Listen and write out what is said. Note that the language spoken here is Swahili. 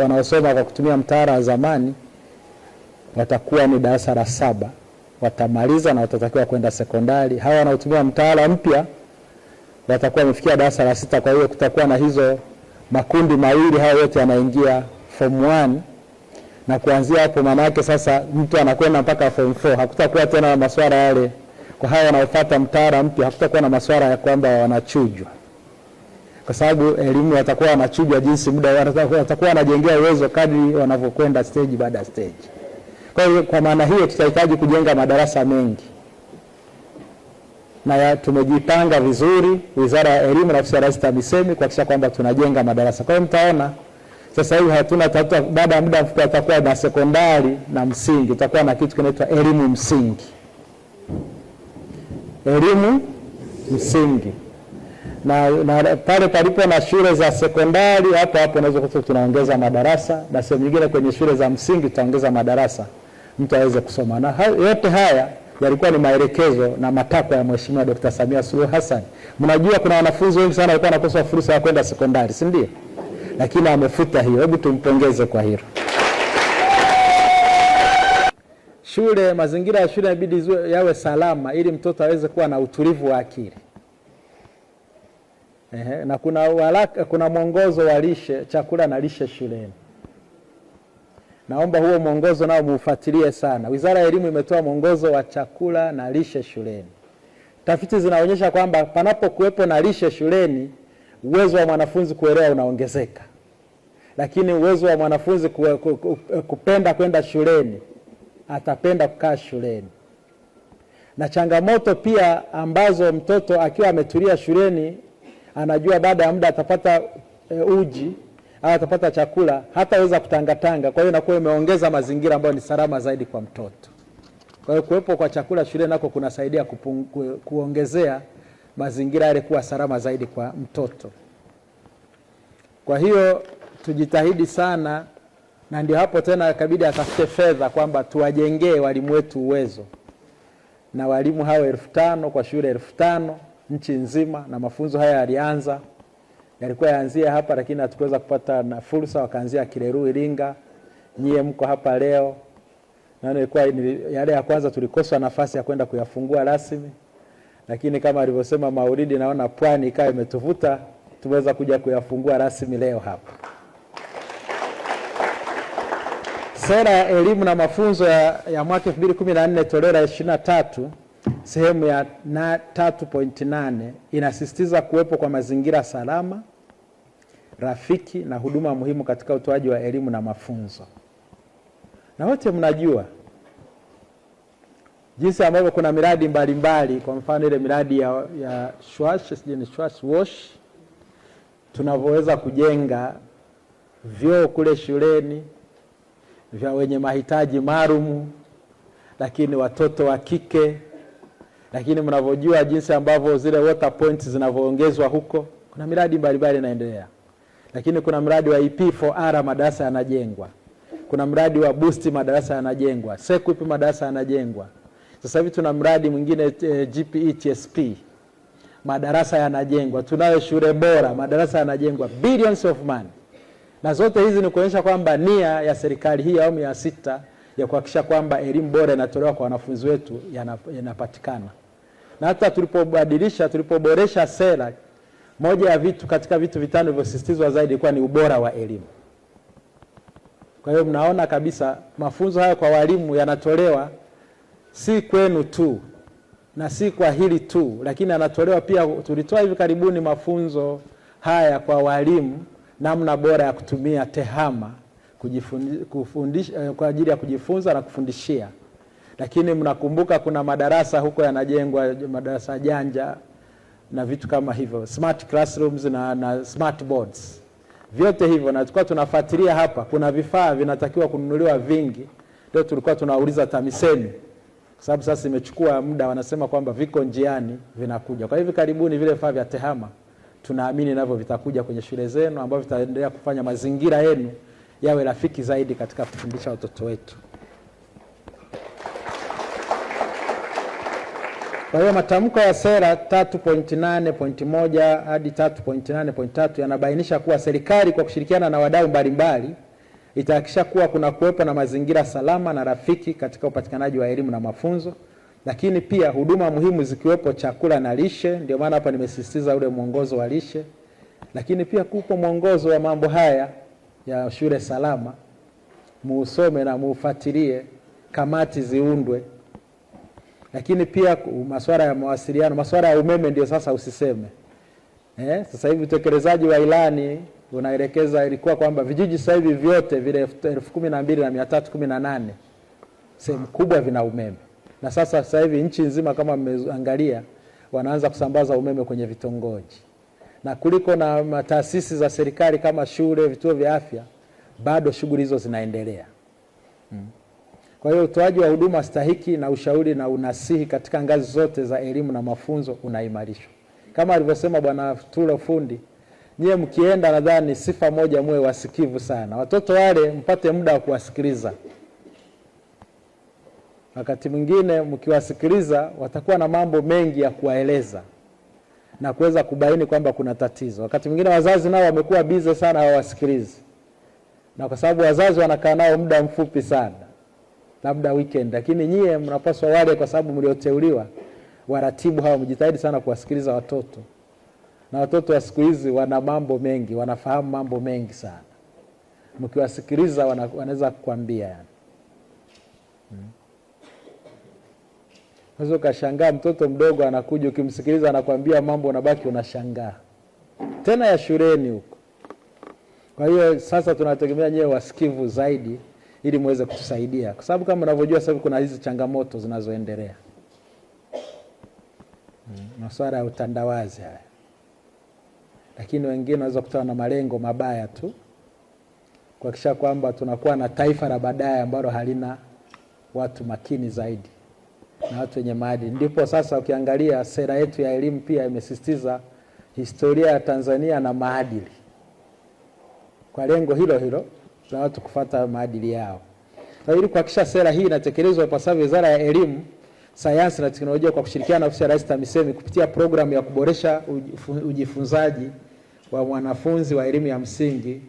Wanaosoma kwa kutumia mtaala wa zamani watakuwa ni darasa la saba watamaliza na watatakiwa kwenda sekondari. Hawa wanaotumia mtaala mpya watakuwa wamefikia darasa la sita. Kwa hiyo kutakuwa na hizo makundi mawili, hayo yote yanaingia form 1 na kuanzia hapo, maana sasa mtu anakwenda mpaka form 4. Hakutakuwa tena na maswala yale kwa hawa wanaofuata mtaala mpya, hakutakuwa na maswala ya kwamba wanachujwa kwa sababu elimu watakuwa wanachujwa jinsi muda, watakuwa wanajengea uwezo kadri wanavyokwenda stage baada ya stage. Kwa hiyo kwa maana hiyo tutahitaji kujenga madarasa mengi na tumejipanga vizuri, Wizara ya Elimu na Ofisi ya Rais TAMISEMI kuhakikisha kwamba tunajenga madarasa. Kwa hiyo mtaona sasa hivi hatuna tatua, baada ya muda mfupi atakuwa na sekondari na msingi, tutakuwa na kitu kinaitwa elimu msingi, elimu msingi na, na pale palipo na shule za sekondari hapo hapo unaweza kusema tunaongeza madarasa na sehemu nyingine kwenye shule za msingi tutaongeza madarasa mtu aweze kusoma. Na ha, yote haya yalikuwa ni maelekezo na matakwa ya Mheshimiwa Dr. Samia Suluhu Hassan. Mnajua kuna wanafunzi wengi sana walikuwa wanakosa fursa ya kwenda sekondari, si ndio? Lakini amefuta hiyo, hebu tumpongeze kwa hilo. Shule, mazingira ya shule inabidi yawe salama ili mtoto aweze kuwa na utulivu wa akili. Ehe, na kuna walaka, kuna mwongozo wa lishe chakula na lishe shuleni. Naomba huo mwongozo nao muufuatilie sana. Wizara ya Elimu imetoa mwongozo wa chakula na lishe shuleni. Tafiti zinaonyesha kwamba panapokuwepo na lishe shuleni, uwezo wa mwanafunzi kuelewa unaongezeka, lakini uwezo wa mwanafunzi kupenda kwenda shuleni, atapenda kukaa shuleni. Na changamoto pia ambazo mtoto akiwa ametulia shuleni anajua baada ya muda atapata e, uji au atapata chakula, hataweza kutangatanga. Kwa hiyo inakuwa imeongeza mazingira ambayo ni salama zaidi kwa mtoto. Kwa hiyo kuwepo kwa chakula shuleni nako kunasaidia kupungu, kuongezea mazingira yale kuwa salama zaidi kwa mtoto. Kwa hiyo tujitahidi sana, na ndio hapo tena kabidi atafute fedha kwamba tuwajengee walimu wetu uwezo, na walimu hao elfu tano kwa shule elfu tano nchi nzima, na mafunzo haya yalianza yalikuwa yaanzia hapa, lakini hatukuweza kupata na fursa, wakaanzia Kileru Iringa. Nyie mko hapa leo, na ilikuwa yale ya kwanza tulikosa nafasi ya kwenda kuyafungua rasmi, lakini kama alivyosema Maulidi, naona pwani ikawa imetuvuta tumeweza kuja kuyafungua rasmi leo hapa. Sera ya elimu na mafunzo ya, ya mwaka 2014 toleo la 23 sehemu ya 3.8 inasisitiza kuwepo kwa mazingira salama, rafiki na huduma muhimu katika utoaji wa elimu na mafunzo. Na wote mnajua jinsi ambavyo kuna miradi mbalimbali mbali, kwa mfano ile miradi ya, ya Schwash, sijui ni Wash, tunavyoweza kujenga vyoo kule shuleni vya wenye mahitaji maalum, lakini watoto wa kike lakini mnavyojua jinsi ambavyo zile water points zinavyoongezwa huko, kuna miradi mbalimbali inaendelea, lakini kuna mradi wa EP4R madarasa yanajengwa, kuna mradi wa boost madarasa yanajengwa, SEQUIP madarasa yanajengwa. Sasa hivi tuna mradi mwingine eh, e, GPE TSP madarasa yanajengwa, tunayo shule bora madarasa yanajengwa, billions of money. Na zote hizi ni kuonyesha kwamba nia ya serikali hii awamu ya sita ya kuhakikisha kwamba elimu bora inatolewa kwa wanafunzi wetu yanapatikana na hata tulipobadilisha, tulipoboresha sera, moja ya vitu katika vitu vitano vilivyosisitizwa zaidi ilikuwa ni ubora wa elimu. Kwa hiyo mnaona kabisa mafunzo haya kwa walimu yanatolewa si kwenu tu na si kwa hili tu, lakini yanatolewa pia. Tulitoa hivi karibuni mafunzo haya kwa walimu, namna bora ya kutumia TEHAMA kujifundisha, eh, kwa ajili ya kujifunza na kufundishia. Lakini mnakumbuka kuna madarasa huko yanajengwa, madarasa janja na vitu kama hivyo, smart classrooms na, na smart boards, vyote hivyo na tulikuwa tunafuatilia hapa. Kuna vifaa vinatakiwa kununuliwa vingi, ndio tulikuwa tunauliza TAMISEMI kwa sababu sasa imechukua muda, wanasema kwamba viko njiani vinakuja. Kwa hivi karibuni vile vifaa vya TEHAMA tunaamini navyo vitakuja kwenye shule zenu, ambavyo vitaendelea kufanya mazingira yenu yawe rafiki zaidi katika kufundisha watoto wetu. Kwa hiyo matamko ya sera 3.8.1 hadi 3.8.3 yanabainisha kuwa serikali kwa kushirikiana na wadau mbalimbali itahakikisha kuwa kuna kuwepo na mazingira salama na rafiki katika upatikanaji wa elimu na mafunzo, lakini pia huduma muhimu zikiwepo chakula na lishe. Ndio maana hapa nimesisitiza ule mwongozo wa lishe, lakini pia kupo mwongozo wa mambo haya ya shule salama, muusome na muufuatilie, kamati ziundwe lakini pia masuala ya mawasiliano, masuala ya umeme ndio sasa usiseme. Eh, sasa hivi utekelezaji wa ilani unaelekeza ilikuwa kwamba vijiji sasa hivi vyote vile elfu kumi na mbili na mia tatu kumi na nane sehemu kubwa vina umeme, na sasa sasa hivi nchi nzima kama mmeangalia, wanaanza kusambaza umeme kwenye vitongoji na kuliko na taasisi za serikali kama shule, vituo vya afya, bado shughuli hizo zinaendelea hmm. Kwa hiyo utoaji wa huduma stahiki na ushauri na unasihi katika ngazi zote za elimu na mafunzo unaimarishwa. Kama alivyosema Bwana Tulo Fundi, nyie mkienda, nadhani sifa moja, muwe wasikivu sana. Watoto wale mpate muda wa kuwasikiliza. Wakati mwingine mkiwasikiliza, watakuwa na mambo mengi ya kuwaeleza na kuweza kubaini kwamba kuna tatizo. Wakati mwingine wazazi nao wamekuwa bize sana, hawawasikilizi, na kwa sababu wazazi wanakaa nao muda mfupi sana labda weekend, lakini nyie mnapaswa wale, kwa sababu mlioteuliwa waratibu hawa, mjitahidi sana kuwasikiliza watoto, na watoto wa siku hizi wana mambo mengi, wanafahamu mambo mengi sana. Mkiwasikiliza wanaweza kukwambia yani. hmm. Unaweza ukashangaa mtoto mdogo anakuja, ukimsikiliza anakwambia mambo, unabaki unashangaa, tena ya shuleni huko. Kwa hiyo sasa tunategemea nyewe wasikivu zaidi ili muweze kutusaidia, kwa sababu kama unavyojua sasa kuna hizi changamoto zinazoendelea, hmm, masuala ya utandawazi haya, lakini wengine wanaweza kutana na malengo mabaya tu kuhakikisha kwamba tunakuwa na taifa la baadaye ambalo halina watu makini zaidi na watu wenye maadili. Ndipo sasa ukiangalia sera yetu ya elimu pia imesisitiza historia ya Tanzania na maadili kwa lengo hilo hilo na watu kufata maadili yao. Sasa ili kuhakikisha sera hii inatekelezwa ipasavyo, Wizara ya Elimu, Sayansi na Teknolojia kwa kushirikiana na Ofisi ya Rais TAMISEMI kupitia programu ya kuboresha ujifunzaji wa mwanafunzi wa elimu ya msingi